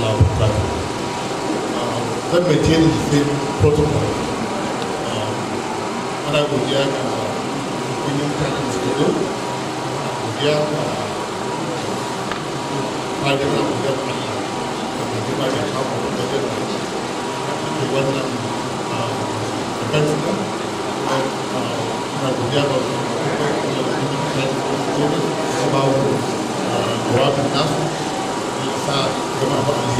allow that. Um, let me maintain the same protocol. tôi Um, when I would young, when you can schedule, I would young, I don't know, I would young, I would young, I would young, I would young, Pennsylvania, and uh, I would young, about uh, Rob and Nelson.